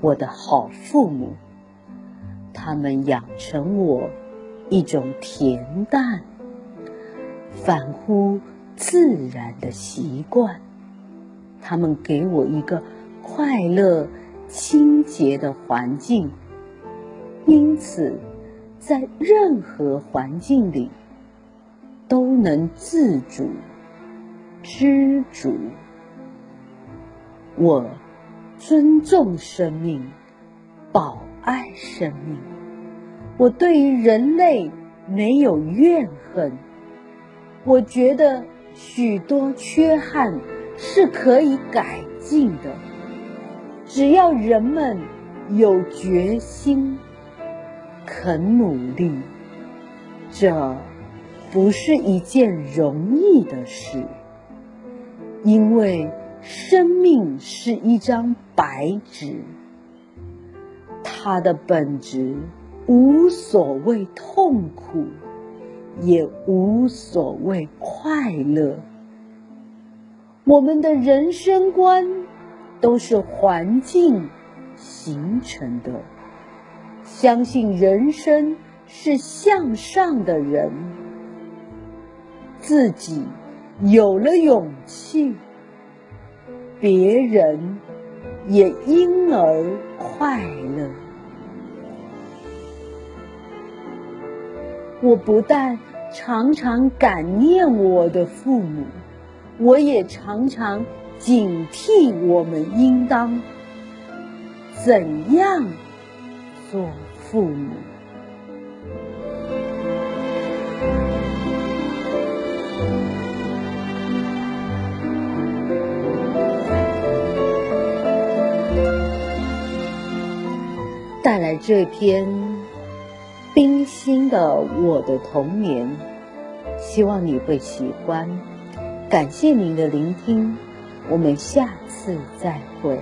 我的好父母，他們養成我一種恬淡、返乎自然的習慣，他們給我一個快樂、清潔的環境，因此，在任何環境裡都能自主、知足。我。尊重生命，寶愛生命。我對於人類沒有怨恨。我覺得許多缺憾是可以改進的。只要人們有決心，肯努力，這不是一件容易的事，因為。生命是一張白紙，它的本質無所謂痛苦，也無所謂快樂。我們的人生觀都是環境形成的。相信人生是向上的人，自己有了勇氣。別人也因而快樂。我不但常常感念我的父母，我也常常警惕我們應當怎樣做父母。帶來這篇冰心的《我的童年》，希望你會喜歡。感謝您的聆聽，我們下次再會。